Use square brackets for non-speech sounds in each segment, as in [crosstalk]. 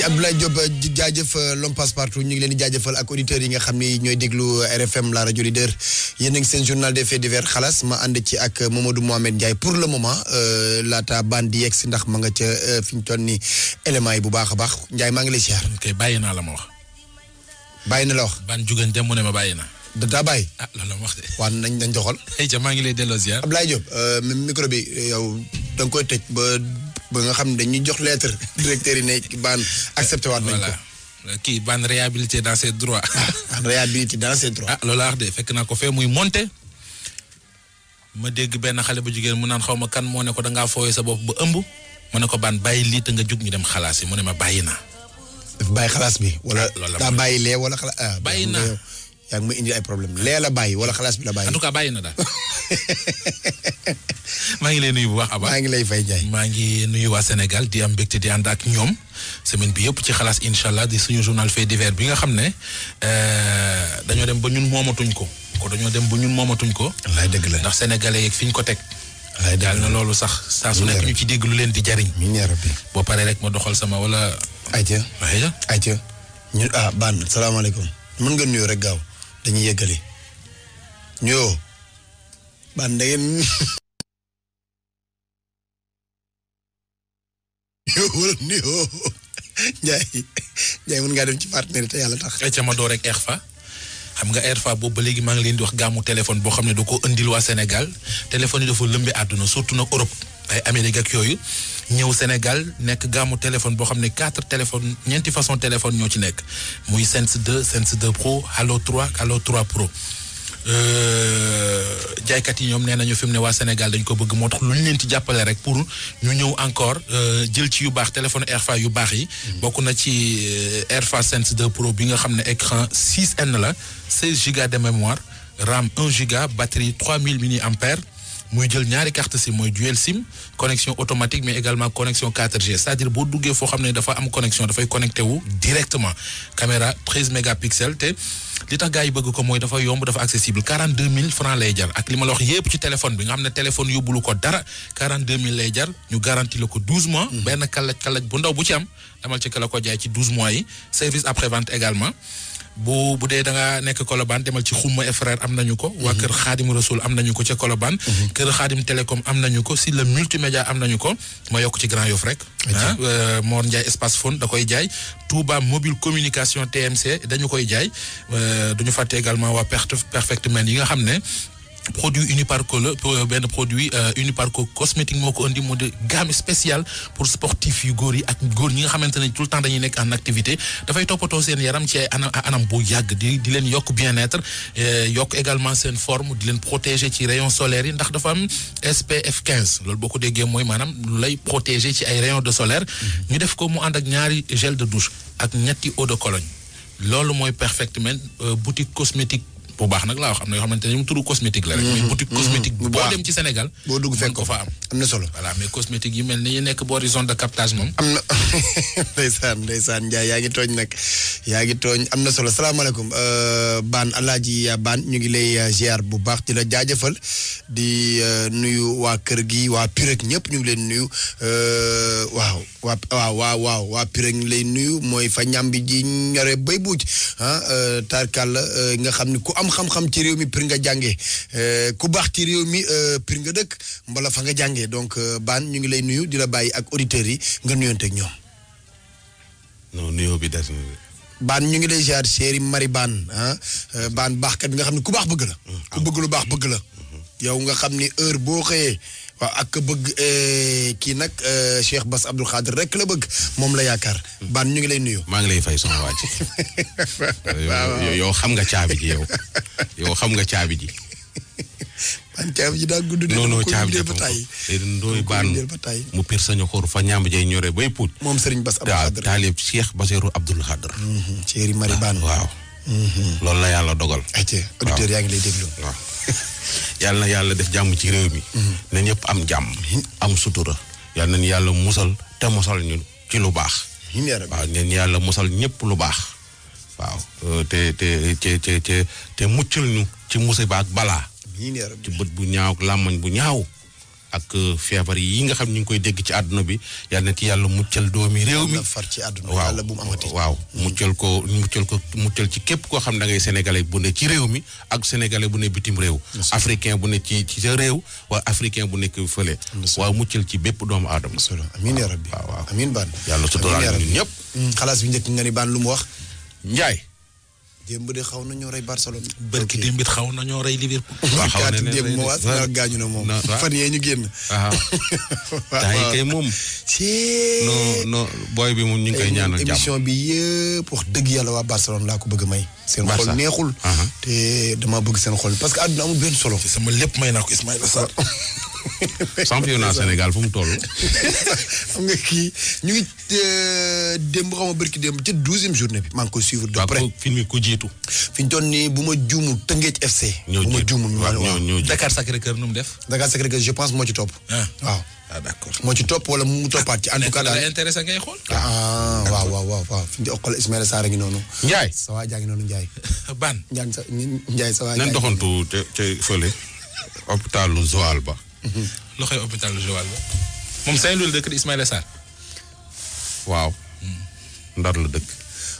ci Abdoulaye Diop euh, jaajëf euh, l'homme passe partout ñu ngi leen jaajëfal ak auditeurs yi nga xam ni ñooy déglu RFM la rajo leader yéen a ngi seen journal des faits divers xalaas ma ànd ci ak Mamadou Mohamed Ndiaye pour le moment euh, laata baan di yegg si ndax ma nga ca fi ñu toll ni éléments yi bu baax a baax Ndiaye maa ngi lay siyaar. ok bàyyi naa la ma wax. bàyyi na la wax. ban jugan mu ne ma bàyyi na. da daa bàyyi. ah loolu wax de. [laughs] waaw nañ nañ joxol. ayca maa ngi lay delloo ziar. Abdoulaye Diop micro bi yow da nga koy tëj ba nga xam ne dañuy jox lettre directeur yi ne baan accepté waat nañ ko. kii baan réhabilité dans ses droits. Ah, ah, réhabilité dans ses droits. ah loolu laa wax de fekk naa ko fee muy monté ma dégg benn xale bu jigéen mu naan xaw ma kan moo ne ko dangaa fooyee sa bopp bu ëmb. ma ne ko baan bàyyi lii te nga jug ñu dem xalaas yi mu ne ma bàyyi naa. daf bàyyi xalaas bi. wala ah, daa bàyyi lee wala xalaas. bàyyi naa yaa ngi may indi ay problème lee la bàyyi wala xalaas bi la bàyyi. en tout cas bàyyi na daal. [laughs] maa ngi leen nuyu bu baax Aba. maa ngi lay fay jaay maa ngi nuyu waa Sénégal di am mbégte di ànd ak ñoom semaine bi yëpp ci xalaas incha allah di suñu journal fait divers bi nga xam ne euh, dañoo dem ba ñun moomatuñ ko. dañoo dem ba ñun moomatuñ ko. wallaay dëgg la ndax sénégalais yeeg fi ñu ko teg. wallaay daal na loolu sax. saa su nekk ñu ci dégg lu leen di jariñ. mi ngi boo paree rek ma doxal sama wala. ayca ayca ayca. ñu ah, salaamaaleykum mën nga nuyoo gaaw dañuy yëgale ñoo man da ngeen [laughs] ñoo wala ñoo [laughs] Njaay Njaay mën ngaa dem ci partenaire te yàlla tax ca ma door rek RFA xam nga RFA boobu ba léegi maa ngi leen di wax gàmmu téléphone boo xam ne da ko indil waa Sénégal téléphone yi dafa lëmbe àdduna surtout nag Europe ay Amérique ak yooyu ñëw Sénégal nekk gàmmu téléphone boo xam ne quatre téléphones ñeenti façon téléphone ñoo ci nekk muy Sense 2 Sense 2 Pro Allo 3 Allo 3 Pro euh, jaaykat yi ñoom nee nañu fi mu ne waa Sénégal dañ ko bëgg moo tax lu ñu leen ci jàppale rek pour ñu ñëw encore euh, jël ci yu baax téléphone Airfa yu baax yi. Mm-hmm. bokk na ci euh, Airfa Sense 2 Pro bi nga xam ne écran 6N la 16 giga de mémoire RAM 1 giga batterie 3000 mAh. mooy jël ñaari carte SIM mooy dual SIM connexion automatique mais également connexion 4G à boo duggee foo xam ne dafa am connexion dafay connecté wu directement caméra 13 mégapixels te li tax gars yi bëgg ko mooy dafa yomb dafa accessible 42 000 francs lay jar ak li ma la wax yépp ci téléphone bi nga xam ne téléphone yóbbulu ko dara 42 000 lay jar ñu garanti la ko 12 mois. Mhm. benn kalaj kalaj bu ndaw bu ci am damal ci kala ko jaay ci 12 mois yi service après vente bu bu dee da nga nekk Colobane demal ci Xuma et am nañu ko. waa mhm. kër Xaadim Rasul am nañu ko ca Colobane. Mhm. kër Xaadim Télécom am nañu ko si le multimédia am nañu ko ma yokk ci Grand Yoff rek. ah euh, Mor Ndiaye espace phone da koy jaay. Touba mobile communication TMC dañu koy jaay euh, duñu fàtte également waa perfect perfect men yi nga xam ne. produit Uniparco la euh, benn produit euh, Uniparco cosmétique moo ko indi mu di gamme spéciale pour sportif yu góor yi ak góor ñi nga xamante ne tout le temps dañuy nekk en activité dafay toppatoo seen yaram ci ay anam anam bu yàgg di leen yokk bien-être euh, yokk également seen forme di leen protéger ci rayons solaires yi ndax dafa am SPF 15 loolu boo ko déggee mooy maanaam lu lay protégé ci ay rayons de solaire mm-hmm. ñu def ko mu ànd ak ñaari gel de douche ak ñetti eau de cologne loolu mooy Perfect Men boutique cosmétique bu baax nag la wax am na yoo xamante ne ñoom turu cosmétique la rek. mais mm-hmm. boutique mm-hmm. cosmétique boo dem ci Sénégal. boo dugg fekk ko fa am am na solo. voilà mais cosmétique yi mel ni yi nekk boori zone de captage moom. am na solo [laughs] ndeysaan Ndiaye yaa ngi tooñ nag yaa euh, Baan ñu ngi lay euh, ziar bu baax di la jaajëfal di euh, nuyu waa kër gi waa Pirek ñëpp ñu ngi leen nuyu waaw waa waaw waaw waa Pirek ñu lay nuyu mooy fa ñam bi ji ñore bay buuj ah tarkal nga xam ni ku am. am xam-xam ci réew mi pour nga jàngee euh, ku baax ci réew mi euh, pour nga dëkk mbala fa nga jàngee donc euh, baan ñu ngi lay nuyu di la bàyyi ak auditeurs yi nga nuyonteeg ñoom. non nuyoo bi des baan ñu ngi lay ziar chéri mari baan ah baan baaxkat bi nga xam ne ku baax bëgg la. Mm, ku bëgg lu baax bëgg la. Mm-hmm. yow nga xam ni heure boo xëyee. waaw ak bëgg eh, kii nag eh, Cheikh Bass Abdou Khadre rek la bëgg moom la yaakaar. baan ñu ngi lay nuyu. maa ngi lay fay sama waa [laughs] yow xam nga caabi ji yow yow xam nga caabi ji. baan caabi ji daa gudd. non non caabi ji dooy mu piir sañu xor fa ñaam jay ñore bay puut. moom Serigne Bass Abdou Khadre taalib Cheikh Bassirou Abdou Khadre. Chéri mhm, Mari Baan waaw. Mhm. loolu la yàlla dogal. ayca yaa ngi lay déglu. [laughs] yàlla na yàlla def jàmm ci réew mi. Mhm. na ñëpp am jàmm am sutura. yàlla nañu yàlla musal te musal ñu ci lu baax. waaw neen yàlla musal ñëpp lu baax. waaw euh, te te te te te muccal ñu ci musiba ak balaa. ci bët bu ñaaw ak làmmañ bu ñaaw. ak euh, feebar yi nga xam ñu ngi koy dégg ci àdduna bi yal na ci yàlla muccal doomi réew mi far ci àdduna yàlla bu mu amati waaw mm. muccal ko muccal ko muccal ci képp koo xam da ngay sénégalais bu ne ci réew mi ak sénégalais bu ne bitim réew africain bu ne ci ci sa réew waa africain bu nekk fële waaw muccal ci bépp doomu aadama amiin yaa rabbi waaw waaw amiin baan yàlla suturaal ñun ñëpp mm, xalaas bi njëkk nga ni baan mu wax njaay démb de xaw nañoo rey Barcelone. bërki démb it xaw nañoo rey Liverpool. [laughs] na moom. [laughs] bi moom ñu ngi koy ñaanal bi yëpp wax dëgg yàlla waa Barcelone laa ko bëgg may. seen xol neexul. te dama bëgg seen xol parce que àdduna amul benn solo. sama lépp may naa ko Ismaïla Sarr. [laughs] championnat Sénégal fu mu toll. [laughs] xam nga kii ñu ngi euh, ma barki démb te douzième journée bi. maa ngi koy suivre de près film yi jiitu. fi ñu toll nii bu ma juumul Tëngéej FC. ñoo bu ma juumul waaw Dakar Sacré Cœur mu def. Dakar Sacré Cœur je pense moo ci topp. Ah. waaw. Ah, moo ci topp wala mu toppaat ci en ah, tout cas daal ngay xool. ah waaw waaw waaw waaw fi ñu di ngi noonu. Ndiaye sa waa jaa ngi noonu Ndiaye. [laughs] Ban Ndiaye sa Ndiaye fële hôpitalu Joal ba. lu xew hôpital Joal ba moom Saint-Louis dëkk di Ismaïla Sarr. waaw. ndar la dëkk.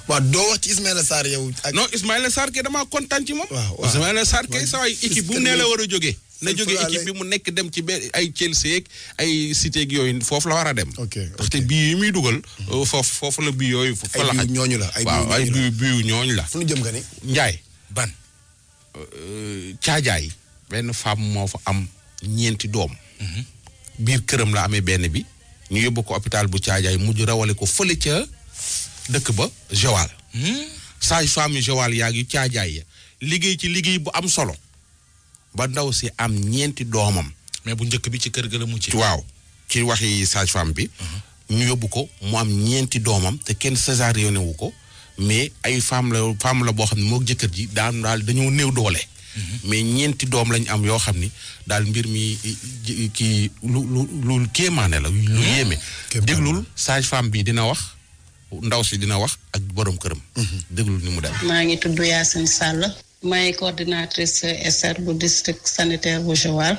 waaw doo wax ci Ismaïla Sarr yow. non Ismaïla Sarr kay damaa kontaan ci moom. waaw waaw kay saa waay équipe bu nee la war a jógee. na jóge équipe bi mu nekk dem ci benn ay Chelsea ak ay Cité yooyu foofu la war a dem. ok ndaxte mm. uh, foofu la yooyu. fa ñooñu la ay bii la. fu ñu jëm nga ni. Njaay ban. Uh, Caajaay moo fa am. ñeenti doom. biir këram la amee benn bi. ñu yóbbu ko hôpital bu Caajaay mujj rawale ko fële ca dëkk ba Joal. sage-femme yi Joal yaa ngi Caajaay ya liggéey ci liggéey bu am solo. ba ndaw si am ñeenti doomam. mais bu njëkk bi ci kër gi la mucc. waaw ci waxi sage bi. ñu yóbbu ko mu am ñeenti doomam te kenn césarienne wu ko mais ay femme la femme la boo xam ne moog jëkkër ji daan daal dañoo néew doole. mais ñeenti doom lañ am yoo xam ni daal mbir mi ki lu lu lu kéemaane la. lu hmm? yéeme. déglul sage femme bi dina wax ndaw si dina wax ak boroom këram. Hmm. déglul ni mu dem. maa ngi tudd Yacine Sall. may coordinatrice SR bu district sanitaire bu Joal.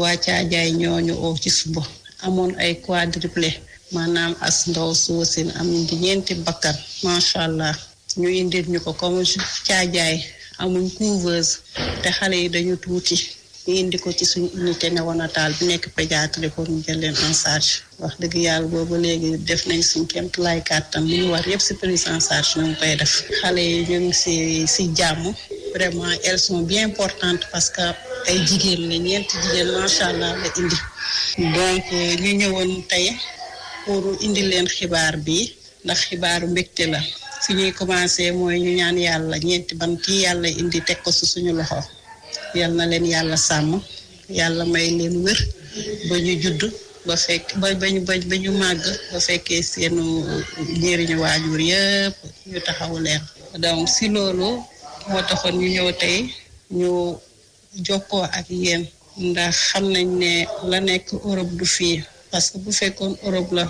waa Caajaay ñooñu oo ci suba. amoon ay quadruplé. maanaam as ndaw soosin am ñeenti bakkan. macha allah ñu indil ñu ko comme Caajaay. amuñ couveuse te xale yi dañu tuuti ñu indi ko ci suñu unité néonatale bi nekk pédiatrie pour ñu jël en charge wax dëgg yàlla boobu léegi def nañ suñ kéem lay kàttan li ñu war yëpp si prise en charge ñu koy def xale yi ñu ngi si si vraiment elles sont bien parce que ay jigéen la ñeenti jigéen macha allah la euh, ñu ñëwoon tey pour indi leen xibaar bi ndax xibaaru mbégte la. si ñuy commencé mooy ñu ñaan yàlla ñeenti bant yi yàlla indi teg ko si suñu loxo yal na leen yàlla sàmm yàlla may leen wér ba ñu judd ba fekk ba ba ñu ba ñu màgg ba fekkee seenu njëriñu waajur yëpp ñu taxaw leen donc si loolu moo taxoon ñu ñëw tey ñu jokkoo ak yéen ndax xam nañ ne la nekk Europe du fii parce que bu fekkoon Europe la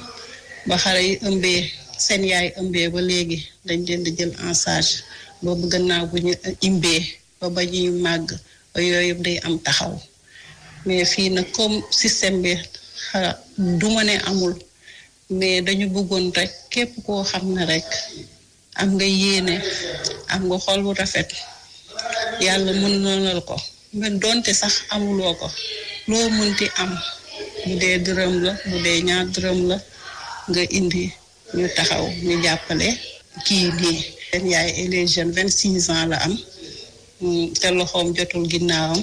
ba xale yi ëmbee seen yaay ëmbee ba léegi dañ leen di jël en charge boobu gannaaw bu ñu imbee ba ba ñuy màgg yooyu day am taxaw mais fii nag comme système bi du ma amul mais dañu buggoon rek képp koo xam ne rek am nga yéene am nga xool bu rafet yàlla mën noonal ko mais donte sax amuloo ko loo mënti am bu dee dërëm la bu dee ñaar dërëm la nga indi ñu taxaw ñu jàppale kii lii seen yaay les jeune vingt six ans la am mm, te loxoom jotul ginnaawam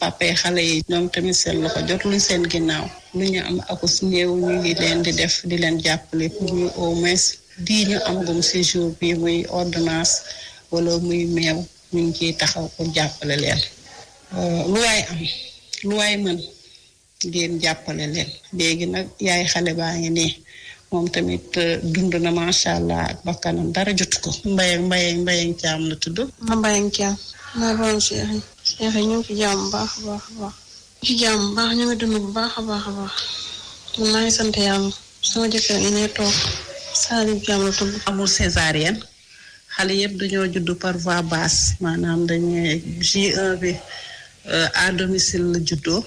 papa xale yi ñoom tamit seen loxo jotul seen ginnaaw lu ñu am akus néew ñu ngi leen di def di leen jàppale pour ñu au moins di ñu am gum si jour bi muy ordonnance wala muy meew ñu ngi ciy taxaw ko jàppale leen euh, lu am lu waay ngeen jàppale leen léegi nag yaay xale baa ngi nii moom tamit euh, dund na macha allah ak bakkanam dara jot ko. Mbaye Mbaye Mbaye la tudd. Mbaye Thiam. maa borom ngi ci jàmm bu baax a baax a baax. ci jàmm bu baax ñu ngi dund bu baax a baax a baax. man maa ngi sant yàlla. sama jëkkër ñu ngi toog. Sadio la tudd. amul césarienne. xale yëpp dañoo judd par voie basse maanaam dañuy J1 bi euh, domicile la juddoo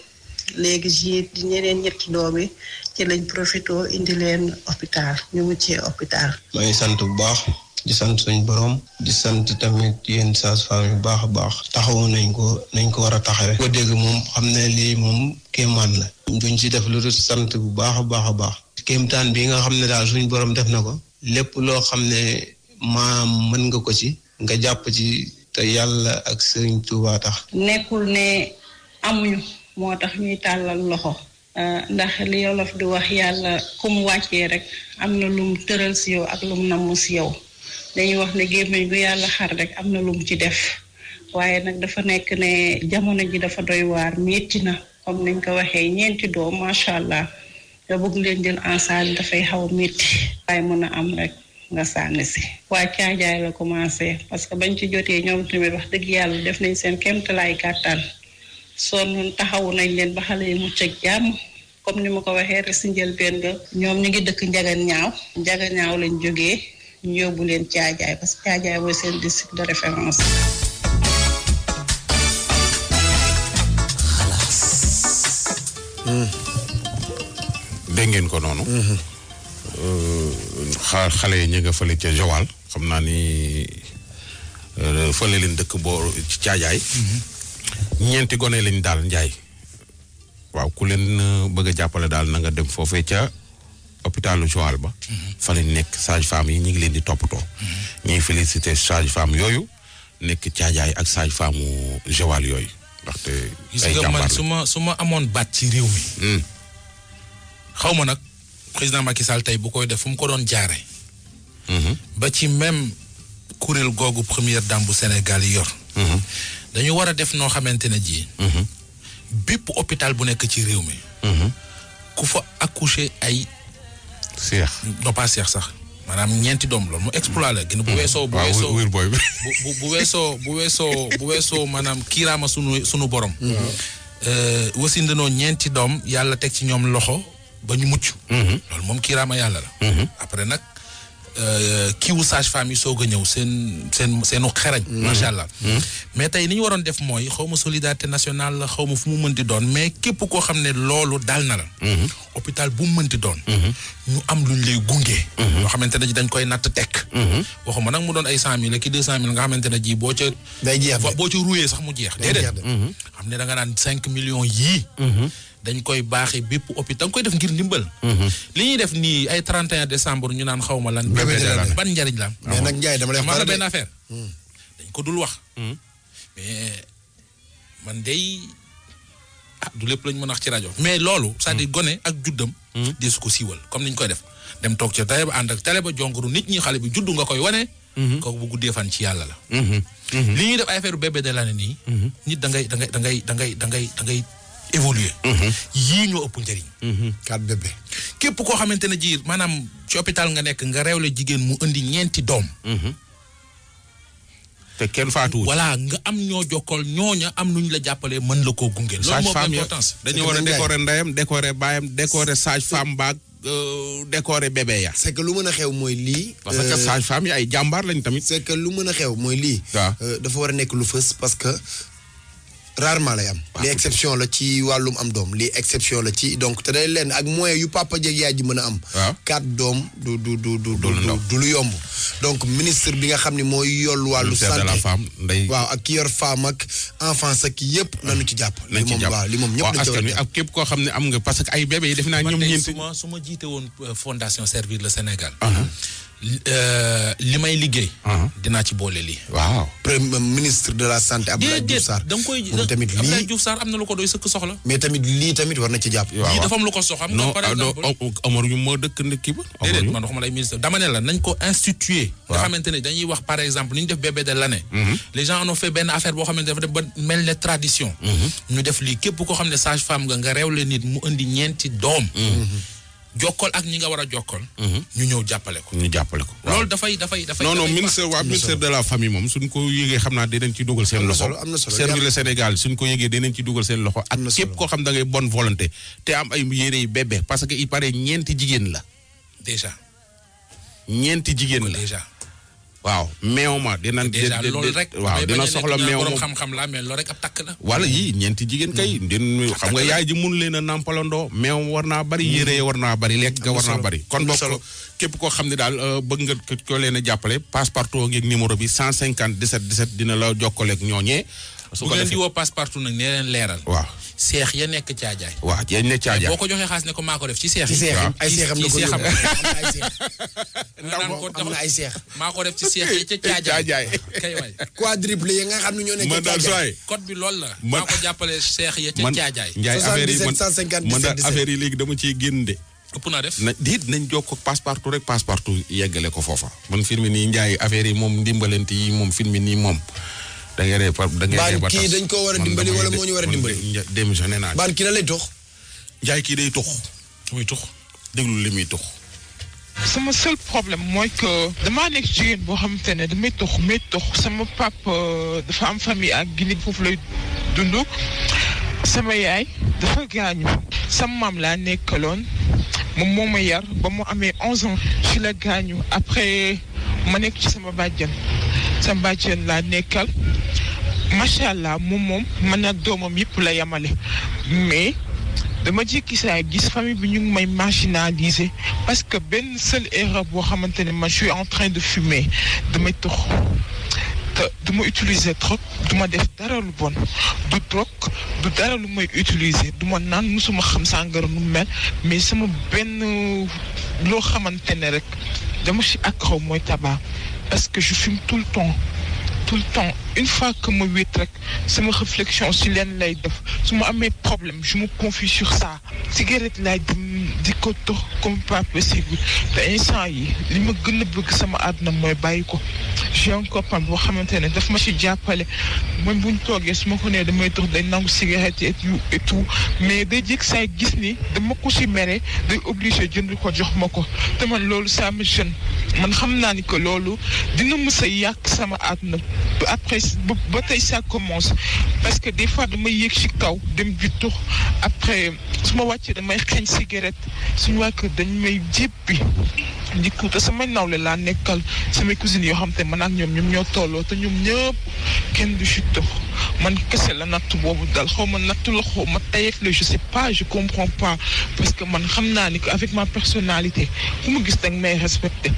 léegi J ñeneen ñetti doom yi. ci lañ profité indi leen hôpital ñu mu ci hôpital. may sant bu baax. di sant suñ borom di sant tamit yéen sages-femmes yu baax a baax taxawu nañ ko nañ ko war a taxawee ko dégg moom xam ne lii moom kéemaan la duñ ci def lu du sant bu baax a baax a baax kéemtaan bi nga xam ne daal suñ borom def na ko lépp loo xam ne maam mën nga ko ci nga jàpp ci te yàlla ak sëriñ Tuubaa tax nekkul ne amuñu moo tax ñuy tàllal loxo Euh, ndax li yolof di wax yàlla ku mu rek am na lum tëral si yow ak lum namm si yow dañuy wax ne gémmiñ gu yàlla xar rek am na lum ci def waaye nag dafa nekk ne jamono ji dafa doy waar metti na comme nañ ko waxee ñeenti doom macha allah nga bëgg leen jël en charge dafay xaw a metti waaye mën a am rek nga sànni si waa caajaay la commencé parce que bañ ci jotee ñoom tamit wax dëgg yàlla def nañ seen kéemtalaay kàttan soo ñun taxawu nañ leen ba xale yi mucc ak jàmm comme ni ma ko waxee rek si njëlbeen nga ñoom ñu ngi dëkk njagan ñaaw njagan ñaaw lañ jóge ñu leen caajaay parce que caajaay seen district de référence. dégg ngeen ko noonu. Mm-hmm. xaar xale yi ñu nga fële ca Joal xam naa ni euh, fële leen dëkk boo ci caajaay. ñeenti gone lañ daal njaay waaw ku leen euh, bëgg a jàppale daal na nga dem foofee ca hôpitalu Joal ba. Mhm. fa lañ nekk sage femme yi ñu ngi leen di toppatoo. Mhm. ñuy félicité sage femme yooyu nekk caajaay ak sage femme Joal yooyu ndaxte. ay jàmbaar su ma su ma amoon baat ci réew mi. Hmm. xaw ma nag président Macky Sall tey bu koy def fu mu ko doon jaare hmm. ba ci même kuréel googu première dame bu Sénégal yi yor. Hmm. dañu war a def noo xamante ne ji. Mhm. bépp hôpital bu nekk ci réew mi. Mhm. ku fa accoucher ay. seex non pas seex sax. maanaam ñeenti doom loolu mu exploit la gën bu mhm. weesoo bu weesoo bu weesoo bu weesoo bu weesoo maanaam kiiraama sunu sunu borom euh, wasindanoo ñeenti doom yàlla teg ci ñoom loxo ba ñu mucc loolu moom kiiraama yàlla la après nag Euh, kiwu sage-femme yi soog a ñëw seen seen seenu xerañ mm. macha allah mm. mais tey li ñu waroon def mooy xaw ma solidarité nationale la xaw ma fu mu mënti doon mais képp koo xam ne loolu daal na la mm-hmm. hôpital bu mu mënti doon mm-hmm. ñu am luñ lay gunge mm-hmm. loo xamante ne ji dañ koy natt tekk waxuma nag mu doon ay cent mille ki deux cent mille nga xamante ne ji boo ca boo ca ruuyee sax mu jeex déedéet xam ne da nga cinq millions yii dañ koy baaxee bépp hôpital da nga koy def ngir ndimbal. Mhm. li ñuy def nii ay 31 décembre ñu naan xaw ma lan. ban njariñ la am. mais nag Ndiaye dama benn affaire. Mhm. dañ ko dul wax. Mhm. mais man day ah du lépp lañ mën a ci rajo. mais loolu. cest à gone ak juddam. deesu ko siiwal comme niñ koy def. dem toog ci télé ba ànd ak télé ba jonkuru nit ñi xale bi judd nga koy wane. kooku bu guddee fan ci yàlla la. li ñuy def ay affaire bébé de l'année nii. nit da ngay da évoluer mhm. yii ñoo ëpp njëriñ. kat mhm. bébé. képp koo xamante ne ji maanaam ci hôpital nga nekk nga réewle jigéen mu indi ñeenti doom. Mhm. te kenn faatuwul. voilà nga am ñoo jokkool ñooña am nuñ la jàppalee mën la koo gunge. loolu moo importance dañoo war a décorer ndeyam décorer baayam décorer sage femme baag euh, décorer bébé ya. c'est que lu mën a xew mooy lii. parce que euh, sage ay jàmbaar lañ tamit. c'est lu mën a xew mooy lii. Euh, dafa war a nekk lu fës parce que. rarement lay am. Ah, li exception la ci wàllum am doom li exception la ci donc te day lenn ak moyens yu papa jeeg yaay ji mën a am. waaw doom du du du du. du lu yomb donc ministre bi nga xam ni mooy yoll wàllu. santé waaw ak ki yor femme ak enfance ak yëpp. Ah, nañu ci jàpp li moom waaw li moom ñëpp. askan wi ak képp koo xam ne am nga parce que ay bébé yi def naa ñoom su ma jiite woon euh, fondation Servir le Sénégal. Ah, Euh, li may liggéey. Uh-huh. dinaa ci boole lii. waaw premier ministre de la santé. Abdoulaye Diouf Sarr da nga koy tamit lii Abdoulaye Diouf Sarr am na lu ko doy sëkk soxla. mais tamit lii tamit war na ci jàpp. lii dafa lu ko soxla. non Amar ñu moo dëkk ndëkki ba. déedéet la nañ ko instituer. nga xamante ne dañuy wax par exemple ni ñu def bébé de l'année. Mhm. les gens en ont fait benn affaire boo xam dafa def ba mel ne tradition. Mhm. ñu def lii képp koo xam ne sage femme nga nga réew le nit mu indi ñeenti doom. Mhm. jokkool ak ñi nga war a jokkool. Mhm. ñu ñëw jàppale ko. ñu jàppale ko waaw dafay dafay dafay. non non ministère waa ministère de la famille moom suñ ko yëgee xam naa dinañ ci dugal seen loxo. am na solo servir Sénégal suñ ko yëgee dinañ ci dugal seen loxo. ak képp koo xam da ngay bonne volonté. te am ay yére yu bébé parce que il paraît ñeenti jigéen la. déjà. ñeenti jigéen la déjà. waaw meew ma dinañ. dèjà loolu rek waaw dina soxla meew ma borom xam-xam la mais loolu rek ab takk la. wala yii ñeenti jigéen kay. Mm-hmm. din xam nga yaay ji mun leen a nampalandoo. meew war naa bari mm-hmm. yére war naa bari lekk nga war naa bari. kon bokk képp ko xam ne daal euh, bëgg nga ko leen a jàppale passe partout ngeeg numéro bi 150 17 17 dina la jokkaleeg ñooñee. su ko defee bu ngeen di woo passe partout nag nee leen leeral. waaw seex ya nekk caajaay. waaw ya nekk caajaay boo ko joxee xaas ne ko maa ko def ci seex. ci seex ay seexam la ko ci seexam am na [laughs] ay seex. maa ko def ci seex ca caajaay. kay waay [laughs] quadruple yi nga xam ne ñoo nekk caajaay. man daal sooy bi loolu la. maa ko jàppale seex ya ca caajaay. Ndiaye affaire yi man 77 157 man daal affaire yi léegi dama ciy génn de. ëpp naa def na diit nañ jokk passe partout rek passe partout yeggale ko foofa. man firmi nii Ndiaye affaire yi moom ndimbalante yi moom firmi nii moom da ngay rey da ngay rey ba tas kii dañ koo war a dimbali wala moo ñu war a dimbali. démb sax nee naa. baan kii da lay tux. njaay kii day tux. muy tux déglu li muy tux. sama seul problème mooy que damaa nekk jigéen boo xamante ne damay tox may tox sama pap euh, dafa am famille ak Guinée foofu lay dund sama yaay dafa gaañu sama maam laa nekkaloon moom moo ma yar ba mu amee onze ans ci la gaañu après ma nekk ci sama bàjjan sa mbàjjeen laa nekkal macha allah moom moom mën a doomam yëpp la yemale mais dama jékki saa gis famille bi ñu ngi may marginaliser parce que benn seule erreur boo xamante ne man je en train de fumer damay tox te du ma utiliser trop du ma def dara lu bon du drogue du dara lu may utiliser du ma naan musuma xam sàngara nu mel mais sama benn loo xamante ne rek dama si accro mooy tabac parce que je fume tout le temps tout le temps une fois que ma wéet rek sama réflexion si leen lay def su ma amee problème je me confie sur ça cigarette laay dem di ko tox comme pas possible te instant yi li ma gën a bëgg sama àdduna mooy bàyyi ko j'ai un copain boo xamante ne daf ma ci jàppale man buñ toogee su ma ko nee damay dox day nangu cigarette et et tout mais day jëkk saay gis ni dama ko ci mere day obligé jënd ko jox ma ko te man loolu ça me gêne man xam naa ni que loolu dina mës a yàq sama àdduna après ba tey sa commence parce que des fois damay yéeg ci kaw dem ju tux après su ma wàccee damay xeeñ cigarette suñu waa kër dañ may jéppi njëkku samay nawle laa nekkal samay cousines yoo xam te man ak ñoom ñoom ñoo tolloo te ñoom ñëpp kenn du ci tox man kese la natt boobu dal xaw ma nattu la xaw ma tayef la je sais pas je comprends pas parce que man xam naa ni que avec ma personnalité ku ma gis te may respecte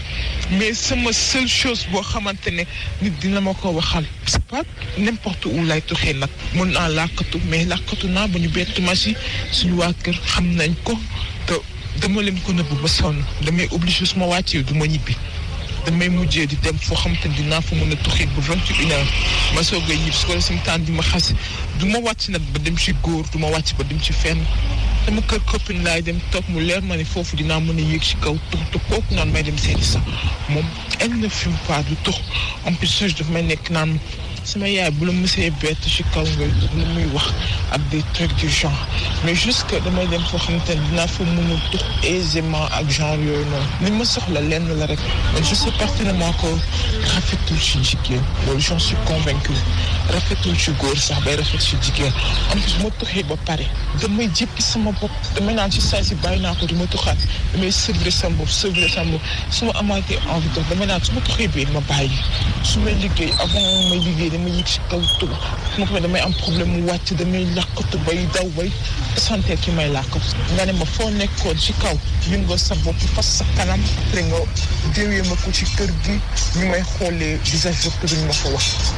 mais sama seule chose boo xamante ne nit dina ma ko waxal c'est pas n'importe où lay tuxee nag mun naa làkkatu mais làkkatu naa ba ñu bett ma si suñu waa kër xam nañ ko te dama leen ko nëbb ba sonn damay obligé su ma wàccee du ma ñibbi damay mujjee di dem foo xam te dinaa fa mën a tuxit bu vingt et une ma soog a ñibbi su ko defee temps di ma xas du ma wàcc nag ba dem ci góor du ma wàcc ba dem ci fenn dama kër copine laay dem toog mu leer ma ne foofu dinaa mën a yéeg ci kaw tux te kooku noonu may dem seeti sax moom elle ne fume pas du tux en plus daf may nekk naan. sama yaay bu la mësee bett ci kaw nga lu muy wax ak des trucs du genre mais jusque damay dem foo xamante ne dinaa fa mën ak genre yooyu ma soxla lenn la rek mais je sais pertinemment que rafetul ci jigéen loolu j'en suis convaincu rafetul ci góor sax bay rafet ci jigéen en plus ma tuxee ba pare damay jéppi sama bopp damay naan ci saa si bàyyi naa ko du ma tuxaat damay sevrer sama bopp sevrer sama bopp su ma amaatee envie damay naan su ma tuxee bii ma bàyyi su may liggéey avant may liggéey dama yëg si kaw tuba ma ko damay am problème mu wàcc damay làqatu bay daw bay santé ki may làqatu nga ne ma foo nekkoon ci kaw yën nga sa bopp fas sa kanam après nga ma ko ci kër gi ñu may xoolee visage docteur bi ñu ma ko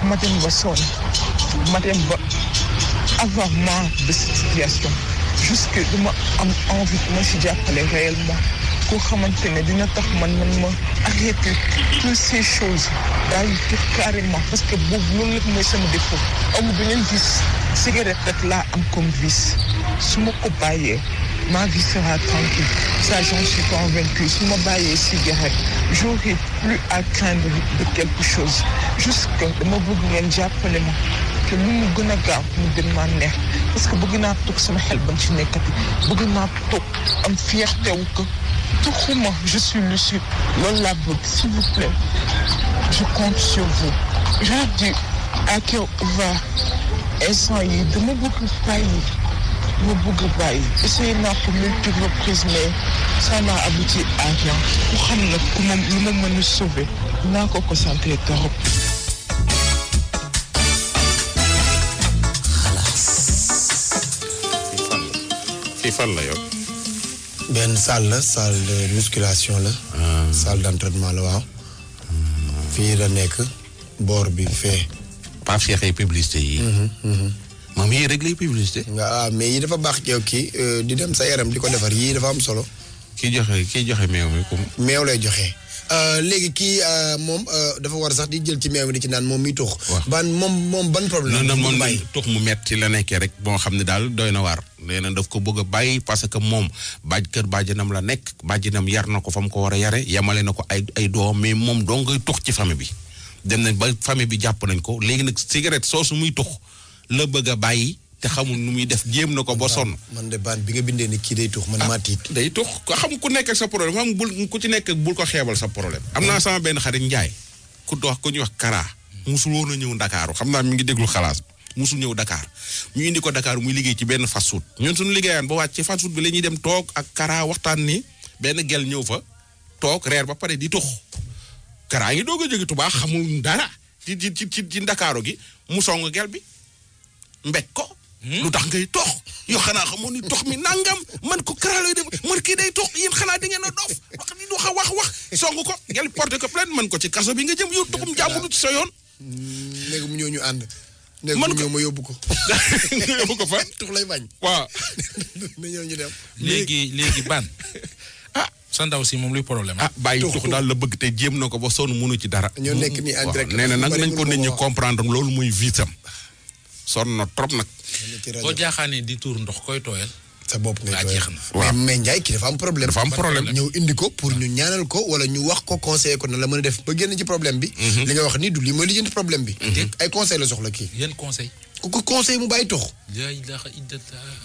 ma am envie ma si jàppale réellement koo xamante ne dina tax man man ma arrêté toutes ces choses daal di carrément parce que boobu loolu lépp mooy sama défaut amul beneen vice cigarette rek laa am comme vice su ma ko bàyyee ma vie sera tranquille ça j'en suis convaincue su ma bàyyee cigarette j'aurai plus à craindre de quelque chose jusque dama bëgg ngeen jàppale ma te lu mu gën a gaaw mu gën maa neex parce que bëgg naa toog sama xel ba ci nekkati bëgg naa toog am fierté wu ko tuxuma je suis lucide loolu laa bëgg s'il vous plaît je compte sur vous j'ai dit à cœur ouvert instant yi dama bëgg bàyyi dama bëgg bàyyi essayé naa ko multiple reprises mais ça n'a abouti à rien ku xam na ku ma sauver naa ko ko sant torop xalaas fii fan la yow benn salle la salle de musculation la. Ah. salle d'entraînement la waaw. fii la nekk boor bi fee. Pape Cheikh publicité yi. Mhm, mhm. moom yii rek lay publicité. waaw ah, mais yii dafa baax yow kii euh, di dem sa yaram di ko defar yii dafa am solo. ki joxe ki joxe meew mi kum. meew lay joxe. Euh, léegi kii euh, moom euh, dafa war sax di jël ci meew di ci naan moom mi tux ban moom moom ban problème non moom tux mu metti la nekkee rek boo xam ne daal doy na waar nee daf ko bëgg a bàyyi parce que moom bàjj kër bàjjanam la nekk bàjjanam yar na ko fa mu ko war a yare yamale na ko ay ay doom mais moom doo ngay tux ci famille bi dem nañ ba famille bi jàpp nañ ko léegi nag cigarette soosu muy tux la bëgg a bàyyi te xamul nu muy def jéem na ko ba sonn. Ah, man de baan bi nga bindee ni kii day tux man ah, maa tiit. day tux xam ku nekk sa problème xam bul ku ci nekk bul ko xeebal sa problème. am naa mm. sama benn xarit Njaay ku dox ku ñuy wax Kara. musul woon a ñëw Ndakaaru xam naa mi ngi déglu xalaas musul ñëw Dakar ñu indi ko Dakar muy liggéey ci benn fast food ñun suñu liggéeyaan ba wàcc ci fast food bi la dem toog ak Kara waxtaan ni benn gel ñëw fa toog reer ba pare di tux Kara ngi doog a jóge Tuubaa xamul dara ci ci ci ci Ndakaaru gi mu song gel bi mbéj ko. Hmm? lu tax ngay tox yoo xanaa xamoon ni tox mi nangam man ko kara lay def man kii day tox yéen xanaa da ngeen a dof wax di wax a wax song ko ngeen porté ko plainte man ko ci kaso bi nga jëm yow toxum jàmbur sa yoon. léegi hmm, mu ñëw ñu ànd. man ko ma yóbbu ko. [laughs] ko fan. [laughs] tux lay bañ. waaw. [laughs] ñu dem. léegi léegi ban. ah sa ndaw si moom luy problème ah, ah bàyyi tux daal la bëgg te jéem na ko ba sonn mënu ci dara. ñoo nekk nii en direct na nag nañ ko nit ñi comprendre loolu mooy vitam sonn na trop nag boo jaaxaanee di tuur ndox koy tooyal. sa bopp ngay tooyal waaw mais Ndiaye ki dafa am problème. dafa am problème ñëw indi ko pour ñu ñaanal ko wala ñu wax ko conseiller ko na la mën a def ba génn ci problème bi. Mhm. li nga wax nii du lii mooy lijjanti problème bi. Mhm. ay conseil la soxla kii. yan conseil ku mu bàyyi tox. laa ilaaha illallah.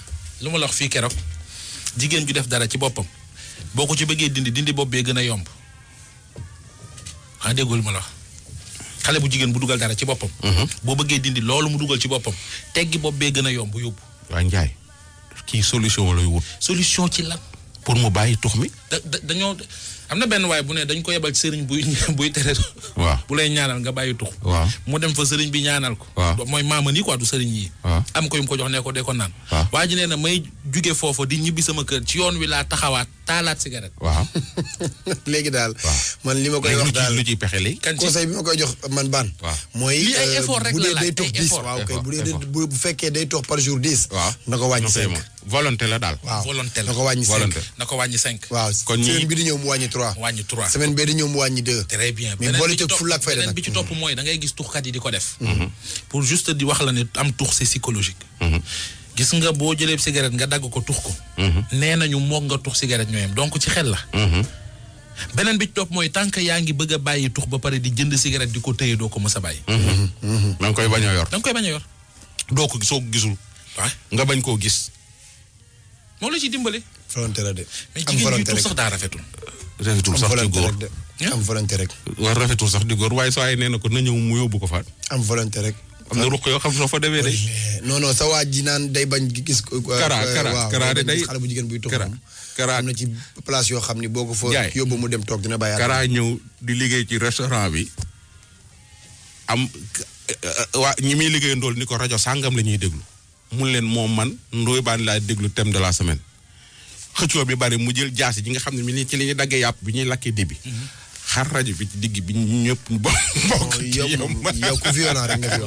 lu ma la wax fii keroog jigéen ju def dara ci boppam boo ko ci bëggee dindi dindi bopp bee gën a yomb ah déggul ma la xale bu jigéen bu dugal dara ci boppam. Mhm. boo bëggee dindi loolu mu dugal ci boppam teggi bopp bee gën a yomb yóbbu. waa Ndiaye kii solution lay wut. solution ci lan. pour mu bàyyi tux mi. da dañoo. am na benn waaye bu nee dañ ko yebal sëriñ buy [laughs] buy tere. waaw bu lay ñaanal nga bàyyi tux. waaw mu dem fa sëriñ bi ñaanal ko. waaw mooy maama nii quoi du sëriñ yi. am ko yu mu ko jox ne ko de ko naan. waaw waa ji nee na may jóge foofa di ñibbi sama kër ci yoon wi laa taxawaat taalaat cigarette. waaw [laughs] léegi daal. man li ma koy wax daal lu ciy pexe léegi. kan ci conseil bi ma koy jox man baan. waaw mooy lii euh, effort rek la laaj effort bu dee day tox dix waaw kay bu dee bu fekkee day tox par jour dix. waaw na ko wàññi cinq volonté la daal. waaw volonté la na ko wàññi cinq na ko wàññi cinq. waaw kon ñii semaine bi di ñëw mu wàññi trois. wàññi trois semaine bee di bi ci topp mooy da gis mhm. wax la ne am tux c'est psychologique. Mhm. gis nga boo jëlee cigarette nga dagg ko tux ko. Mhm. nee nañu moog nga tux cigarette ñooyam donc ci xel la. beneen bi ci topp mooy tant que yaa ngi bëgg a bàyyi tux ba pare di jënd cigarette di ko téye doo ko mës a bàyyi. da nga koy bañ a yor da nga koy bañ yor. doo ko soo gisul. nga bañ koo gis. moo la ci dimbale. volonté la de. am volonté rek mais jigéen ñi sax daa rafetul. rafetul sax di góor rek. war rafetul sax di góor waaye soo ay nee na ko na ñëw mu yóbbu ko faat. am volonté rek. am na ruq yoo xam soo fa demee de. non sa waa ji naan day bañ gis. Euh, kara euh, kara kara de day xale bu jigéen buy toog kara am na ci place yoo xam ni boo ko fa. jaay yóbbu mu dem toog dina bàyyi. kara ñëw di liggéey ci restaurant bi am euh, waa ñi muy liggéeyandool ni ko rajo sàngam la ñuy déglu. mun leen moom man Ndoye Bane laa déglu thème de la semaine xëccoo bi bari mu jël jaasi ji nga xam ne mi ci li ñuy daggee yàpp bi ñuy lakkee di dibi mhm. xar rajo bi digg bi ñëpp bokk [laughs] ci yow ku violent rek nga fi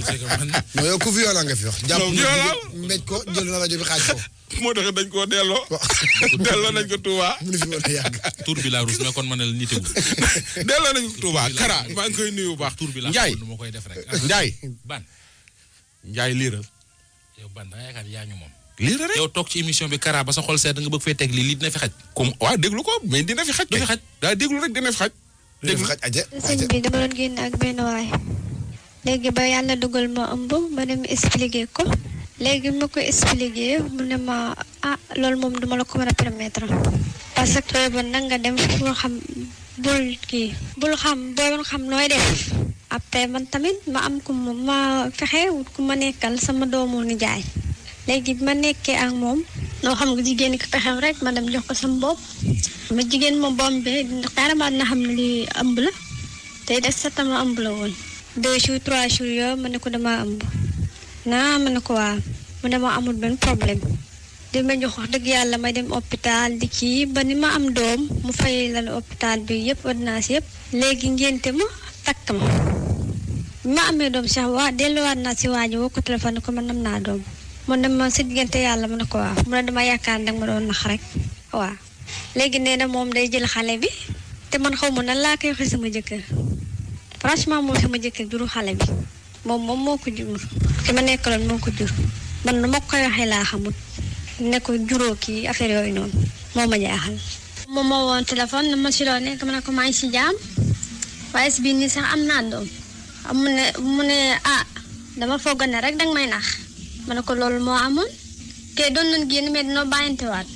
[laughs] yow ku nga fi wax jàpp mbéj ko jël na rajo bi xaaj ko [laughs] moo tax dañ koo delloo delloo nañ ko Touba mu fi woon a yàgg tur bi laa rus mais kon ma ne la nii tegul delloo nañ ko Touba Kara maa ngi koy nuyu bu baax tur bi la Njaay moo koy def rek Njaay ban Njaay liiral yow ban da nga yaakaar yaa ñu moom. lii rek yow toog ci émission bi Kara ba sa xol sedd nga bëgg fee teg lii lii dina fi xaj. comme waaw déglu ko mais dina fi xaj. du déglu rek dina xaj. dina xaj aja sëñ bi dama doon génn ak benn waay. léegi ba yàlla dugal ma ëmb ma dem expliquer ko. léegi ma ko expliquer mu ne ma ah loolu moom duma la ko mën a permettre. parce que ba nag nga dem fu xam. bul ki bul xam boo xam nooy def après man tamit ma am ku ma fexewut ku ma nekkal sama doomu nijaay léegi bi ma nekkee ak moom noo xam nga jigéen ki pexem rek ma dem jox ko sama bopp ma jigéen ma bombe carrément na xam ne lii ëmb la tey def sa tama la woon deux jours trois jours yoo ma ne ko dama ëmb naa ma ne ko waa mu ne moo amul benn problème di ma jox dëgg yàlla may dem hôpital di kii ba ni ma am doom mu fay la hôpital bi yëpp ordonnance yëpp léegi ngénte ma takk ma ma amee doom sax waa delluwaat naa si waa ji woo ko téléphone ko man am naa doom mu ne ma si yàlla mu ne ko waaw mu yaakaar ne ma doon nax rek waaw léegi nee na moom day jël xale bi te man xaw ma nan laa sama jëkkër franchement moom sama jëkkër juru xale bi moom moom moo ko jur man nu ma koy waxee laa xamut nekk ko juróo kii yooyu noonu moo ma jaaxal. moom moo woon téléphone na ma si loo nekk ma a ko maa si jaam waaye si biir nii sax am naa doom mu ne ah dama foog ne rek danga may nax ma ne ko loolu moo amoon te doon nañ génn mais dina bàyyantewaat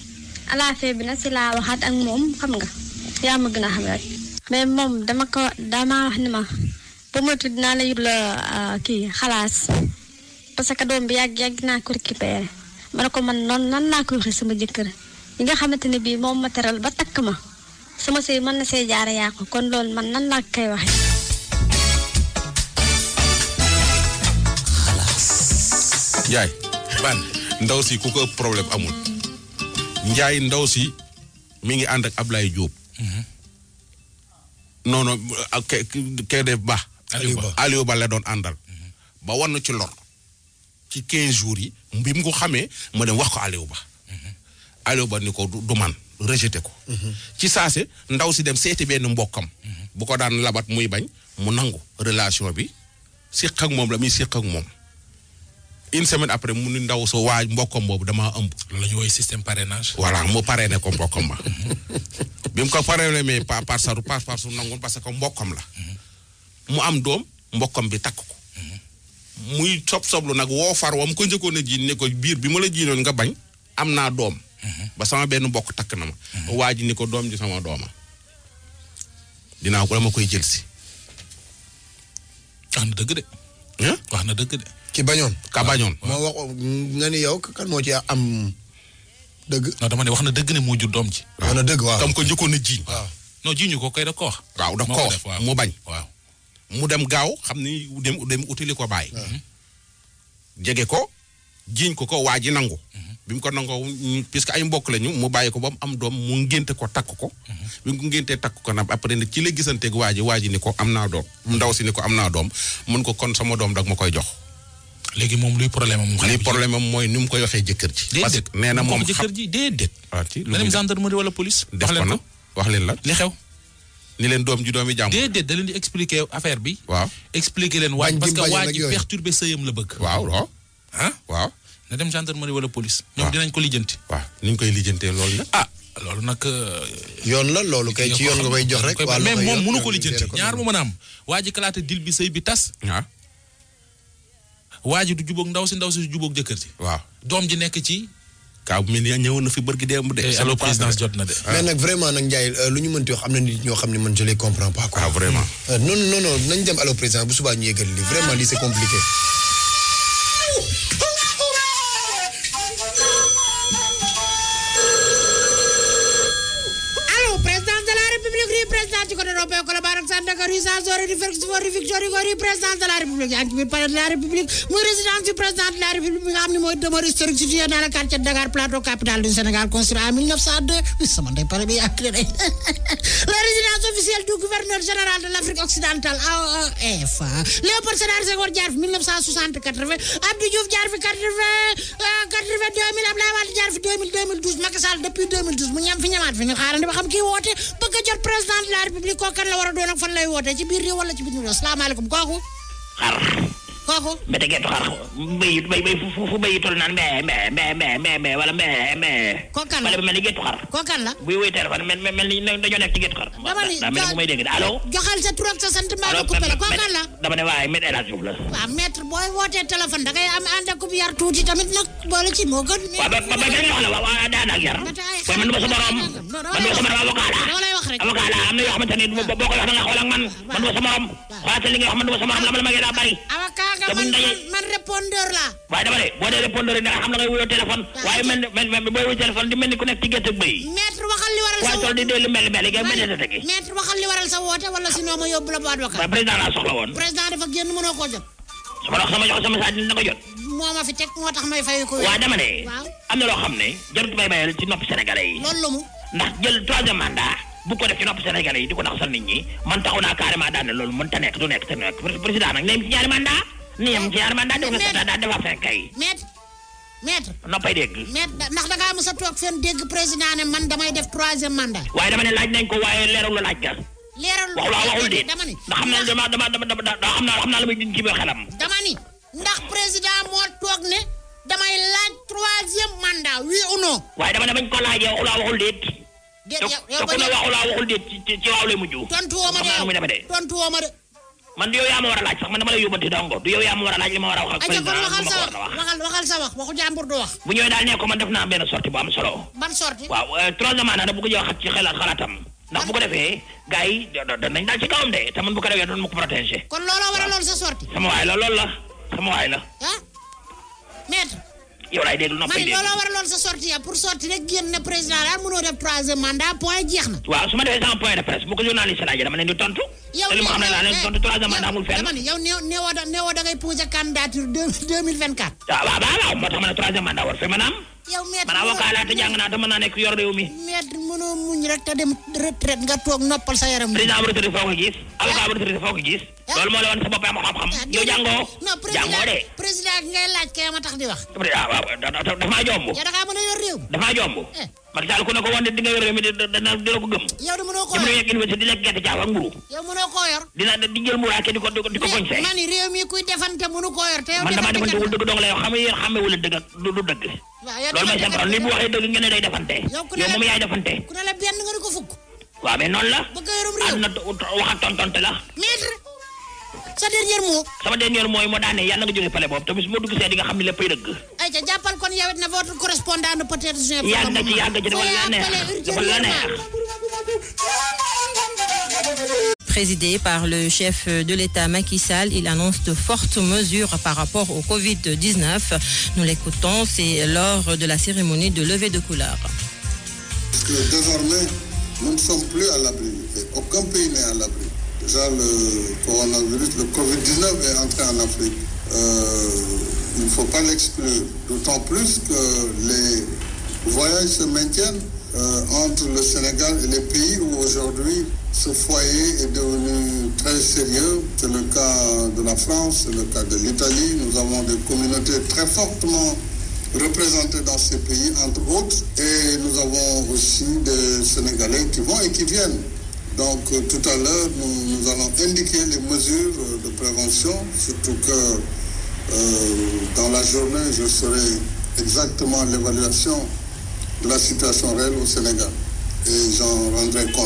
alaafee bi nag si laa waxaat ak moom xam nga yaa ma gën xam rek. mais moom dama ko dama wax ni ma ba mu tudd naa la yóbbu la ah, kii xalaas parce que doom bi yàgg yàgg naa ko récupéré. ma ne ko man noonu nan naa koy waxee sama jëkkër ñi nga xamante ne bii moom ma teral ba takk ma sama sëy mën na see jaare yaa ko kon loolu man nan laa koy waxee. Njaay ban ndaw si ku ko problème amul Njaay ndaw si mu ngi ànd ak Ablaye Diop. Mhm. non non ke ke ba. Aliou Ba la doon àndal. Mhm. ba wan ci lor. ci 15 jours yi bi mu ko xamee ma dem wax ko Aliou Ba. Aliou Ba ni ko du man rejeté ko. Mhm. ci saase ndaw si dem seeti benn mbokkam. Mhm. bu ko daan labat muy bañ mu nangu relation bi siq ak moom la muy siq ak moom. une semaine après mu ni ndaw soo waa mbokkam boobu damaa ëmb. loolu la ñuy woowee système parrainage. voilà mu parrainé ko mbokkam ma [laughs] bi mu ko parrainé mais par par par par su nangoon parce que mbokkam la. Mhm. mu am doom mbokkam bi takk ko. muy sob soblu nag woo far wam ko njëkkoon a jiin ne ko biir bi ma la jiinoon nga bañ am naa doom mhm. ba sama benn mbokk takk na ma mhm. waa ji ni ko doom ji sama ko dama koy jël si wax na dëgg wax na dëgg ki bañoon ka bañoon yow moo ci am dëgg dama ne wax na dëgg ne moo jur ji wax na dëgg waaw tam ko njëkkoon a jiiñ non jiiñu ko kay da ko wax waaw da mu bañ mu dem gaaw xam ni dem dem utili ko bàyyi. Mm-hmm. jege ko jiiñ ko ko waa ji nangu. Mm-hmm. bi mu ko nangoo puisque ay mbokk lañu mu bàyyi ko ba mu am doom mu ngénte ko takk ko. Mm-hmm. bi mu ko takk ko nag après nag ci la gisanteeg waa ji waa ji ni ko am naa doom. ndaw si ni ko am naa doom mun ko kon sama doom dag ma koy jox. léegi moom luy problème am. xale bi problème am mooy ni mu koy waxee jëkkër ji. parce que nee na moom xam jëkkër ji déedéet. ah ci lu muy gendarmerie wala police. def ko na wax leen la li ni leen doom ji doomi jàmm. déedéet da leen di expliquer affaire bi. waaw expliquer leen. waaj parce que waaj perturber sëyam la bëgg. waaw waaw. ah waaw. na dem gendarmerie wala police. ñoom dinañ ko lijjanti. waa ni ñu koy lijjantee loolu nag. ah loolu nag. Euh, yoon la loolu kay ci yoon nga koy jox rek. mais moom mënu ko lijjanti ñaar mu mën a am. waa ji kalaate dil bi sëy bi tas. waaw. waa ji du jubóog ndaw si ndaw si du jubóog jëkkër si. waaw doom ji nekk ci kaaw mel ni ñëwoon na fi bërgi démb de. salo eh, présidence jot na de. Ah. mais nag vraiment nag Ndiaye euh, lu ñu mënti wax am na nit ñoo xam ne man je comprends pas quoi. ah vraiment. Euh, non non non nañ dem allo président bu subaa ñu yëgal lii vraiment lii c'est compliqué. résidence de président de la république yaa ngi ci biir palais de la république muy résidence du président de la république bi nga xam ne mooy demeure historique située dans le quartier de Dakar plateau capitale du Sénégal construit en 1902 [laughs] sama ndey pare bi yàgg na [laughs] la résidence officielle du gouverneur général de l'Afrique occidentale AOF e Léopold Sédar Senghor jaar fi 1960 80 Abdou Diouf jaar fi 80 80 2000 Abdoulaye Wade jaar fi 2000 2012 Macky Sall depuis 2012 mu ñam fi ñamaat fi ñu xaarandi ba xam kii woote bëgg a jot président de la république kooku kan la war a doon ak fan lay wootee ci biir réew wala ci bitim réew salaamaaleykum mbete gettu xar bay fu la wala booy wootee téléphone da am ànd ak yar tuuti tamit nag boole ci moo gën waaw ba ba benn wax la waaw daan ak yar waaye man du ma sa morom man du ma sa morom avocat la dama lay wax rek avocat la am na yoo xamante ne boo koy wax da nga xool ak man man du ma sa morom xoolaatal li nga wax man du ma sa morom la ma la ma gën a bari nga man man répondeur la waaye dama ne boo dee répondeur yi nga xam la ngay wuyoo téléphone waaye mel ni booy wuyu mel ni ku nekk bëy maître waxal li waral sa woote di dee lu ne tegi maître waxal li waral sa woote wala sinon ma yóbbu la bu avocat waaye président laa soxla woon président dafa génn mënoo koo jot su ma dox sama jox sama ndax jël troisième mandat bu ko def ci nopp Sénégalais yi di ko naxasal nit ñi man taxaw naa carrément daan na loolu mën nekk du nekk te nekk président nag ne ci ñaari niim ci ma daa dugg sa daa dafa fekk kay. maître maître. noppay dégg. maître ndax da ngaa mos a toog fenn dégg président ne man damay def troisième mandat. waaye dama ne laaj nañ ko waaye leeral lu laaj ka. leeral lu waxul déet dama ni. ndax xam naa dama dama dama xam naa xam naa la muy dindi ci biir xelam. dama ni ndax président moo toog ne damay laaj troisième bañ ko laajee waxulaa waxul déet. déet yow yow ba waxulaa waxul déet ci ci waaw lay mujj. tontu woo ma de yow tontu de. man du yow yaa ma war a laaj sax man dama lay yóbbanti dongo du yow yaa ma war a laaj li ma war a wax ak président waxal sa wax waxal waxal sa du wax bu ñëwee daal ne man def naa benn sortie bu am solo waaw euh, troisième maanaam bu ko jox ci defee gars yi daal ci kawam de te man bu ko defee doon ma ko protéger kon looloo war a lool sa sortie sama waay la loolu la sama waay la ah yow laay déglu noppay déglu man looloo war lool sa sortie pour sortie rek génn ne président daal mënoo def troisième mandat point jeex na. waaw su ma defee sama point de presse bu ko journaliste laajee dama leen tontu. yow li ma xam ne laa leen eh, tontu deux mille vingt quatre. Ah, waaw waaw waaw moo tax ma ne troisième mandat war fi mën yow a man avocat laa te jàng naa te mën naa nekk yor réew mi. maître mënoo muñ rek te dem retraite nga toog noppal sa yaram. président bu retraite foo ko gis. Ah. avocat bu retraite foo ko gis. Ah. loolu moo la woon sa bopp am xam-xam. Ah, yow jàngoo jàngoo de. président ngay laaj kay ma tax di wax. dafa maa jomb. yow da ngaa a yor réew. dafa maa jomb. Eh. Macky Sall ku ne ko woon di nga yor réew mi di la ko gëm. yow de di yegg université di jël muraake di ko di see. man réew mi kuy defante mënu koo te yow. man damaa defante dëgg dong la yow xam nga yéen xamee wala dëgg du dëgg. loolu mooy seen problème bu waxee dëgg ngeen ne defante. yow ku yaay defante. ku ne la benn nga di ko fukk. waaw mais noonu la. bëgg a yorum réew am la. sa dernier mot. sama dernier mooy moo daane yàlla nga jógee pale boobu tamit su ma dugg see di nga xam ne léppay dëgg. ayca jàppal kon yow it na votre correspondant peut-être. yàgg nga ci yàgg nga ci dafa la neex dafa la neex. présidé par le chef de l'État Macky Sall. Il annonce de fortes mesures par rapport au Covid-19. Nous l'écoutons, c'est lors de la cérémonie de levée de couleur. Désormais, nous ne sommes plus à l'abri. Aucun pays n'est à l'abri. genre le covid est entré en Afrique. Euh, il ne faut pas l'exclure, d'autant plus que les voyages se maintiennent euh, entre le Sénégal et les pays où aujourd'hui ce foyer est devenu très sérieux. C'est le cas de la France, c'est le cas de l'Italie. Nous avons des communautés très fortement représentés dans ces pays, entre autres. Et nous avons aussi des Sénégalais qui vont et qui viennent. Donc euh, tout à l'heure, nous, nous, allons indiquer les mesures euh, de prévention, surtout que euh, dans la journée, je serai exactement l'évaluation de la situation réelle au Sénégal et j'en rendrai compte.